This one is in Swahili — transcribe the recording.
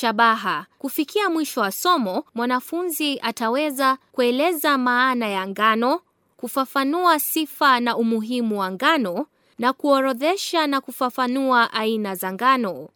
Shabaha: kufikia mwisho wa somo, mwanafunzi ataweza kueleza maana ya ngano, kufafanua sifa na umuhimu wa ngano, na kuorodhesha na kufafanua aina za ngano.